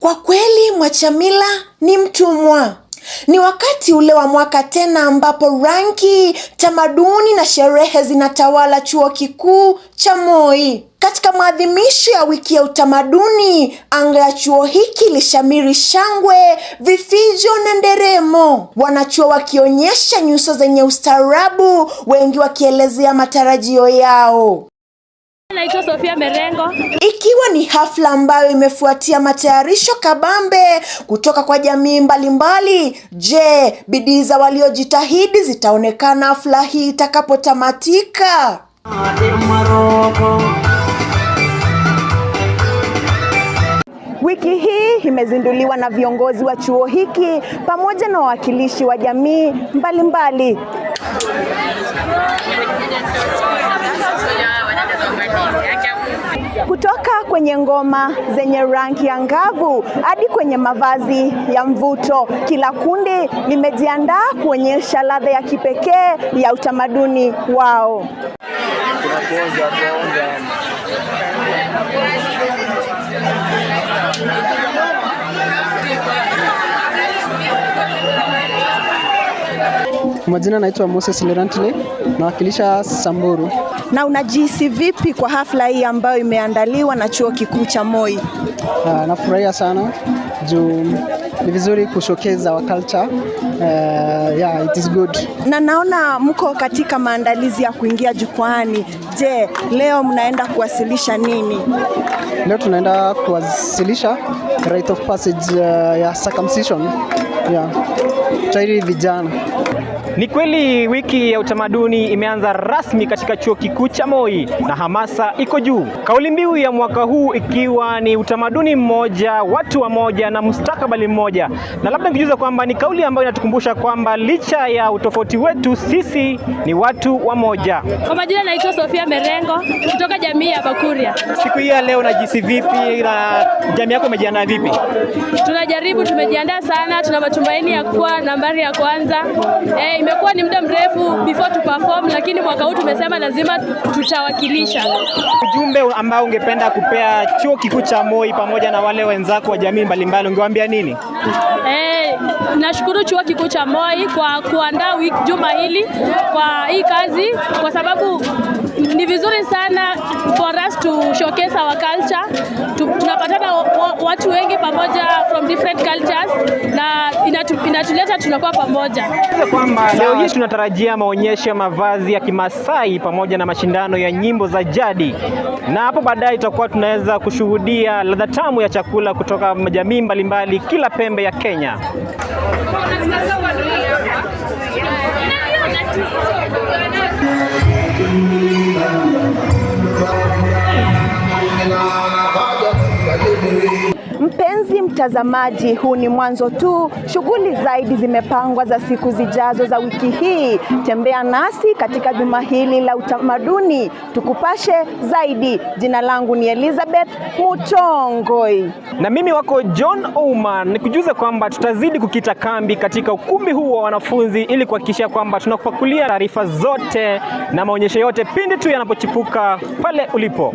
Kwa kweli Mwachamila ni mtumwa. Ni wakati ule wa mwaka tena ambapo rangi, tamaduni na sherehe zinatawala chuo kikuu cha Moi. Katika maadhimisho ya wiki ya utamaduni, anga ya chuo hiki lishamiri shangwe, vifijo na nderemo, wanachuo wakionyesha nyuso zenye ustaarabu, wengi wakielezea matarajio yao. Naitwa Sofia Merengo. Ikiwa ni hafla ambayo imefuatia matayarisho kabambe kutoka kwa jamii mbalimbali, je, bidii za waliojitahidi zitaonekana hafla hii itakapotamatika? Wiki hii imezinduliwa na viongozi wa chuo hiki pamoja na wawakilishi wa jamii mbalimbali mbali. kwenye ngoma zenye rangi angavu hadi kwenye mavazi ya mvuto. Kila kundi limejiandaa kuonyesha ladha ya kipekee ya utamaduni wao. Majina naitwa Moses Lerantle, nawakilisha Samburu na unajihisi vipi kwa hafla hii ambayo imeandaliwa na chuo kikuu cha Moi? Uh, nafurahia sana juu ni vizuri kushokeza wa culture. Uh, yeah, it is good. Na naona mko katika maandalizi ya kuingia jukwani. Je, leo mnaenda kuwasilisha nini? Leo tunaenda kuwasilisha right of passage uh, ya circumcision. Yeah. Tairi vijana ni kweli wiki ya utamaduni imeanza rasmi katika chuo kikuu cha Moi na hamasa iko juu, kauli mbiu ya mwaka huu ikiwa ni utamaduni mmoja, watu wamoja na mustakabali mmoja. Na labda nikujuza kwamba ni kauli ambayo inatukumbusha kwamba licha ya utofauti wetu sisi ni watu wamoja. Kwa majina naitwa Sofia Merengo kutoka jamii ya Bakuria. Siku hii ya leo najisi vipi na jamii yako imejiandaa vipi? Tunajaribu, tumejiandaa sana, tuna matumaini ya kuwa nambari ya kwanza. Hey, eh, imekuwa ni muda mrefu before tu perform, lakini mwaka huu tumesema lazima tutawakilisha. Ujumbe ambao ungependa kupea chuo kikuu cha Moi pamoja na wale wenzako wa jamii mbalimbali ungewaambia nini? Eh, nashukuru chuo kikuu cha Moi kwa kuandaa wiki juma hili kwa hii kazi, kwa sababu ni vizuri sana for us to showcase our culture. Tunapatana watu wengi pamoja from different cultures na inatuleta tunakuwa pamoja. Kwamba leo hii tunatarajia maonyesho ya mavazi ya Kimasai pamoja na mashindano ya nyimbo za jadi, na hapo baadaye tutakuwa tunaweza kushuhudia ladha tamu ya chakula kutoka jamii mbalimbali kila pembe ya Kenya. Mpenzi mtazamaji, huu ni mwanzo tu. Shughuli zaidi zimepangwa za siku zijazo za wiki hii. Tembea nasi katika juma hili la utamaduni, tukupashe zaidi. Jina langu ni Elizabeth Mutongoi na mimi wako John Oman, nikujuza kwamba tutazidi kukita kambi katika ukumbi huu wa wanafunzi ili kuhakikisha kwamba tunakupakulia taarifa zote na maonyesho yote pindi tu yanapochipuka pale ulipo.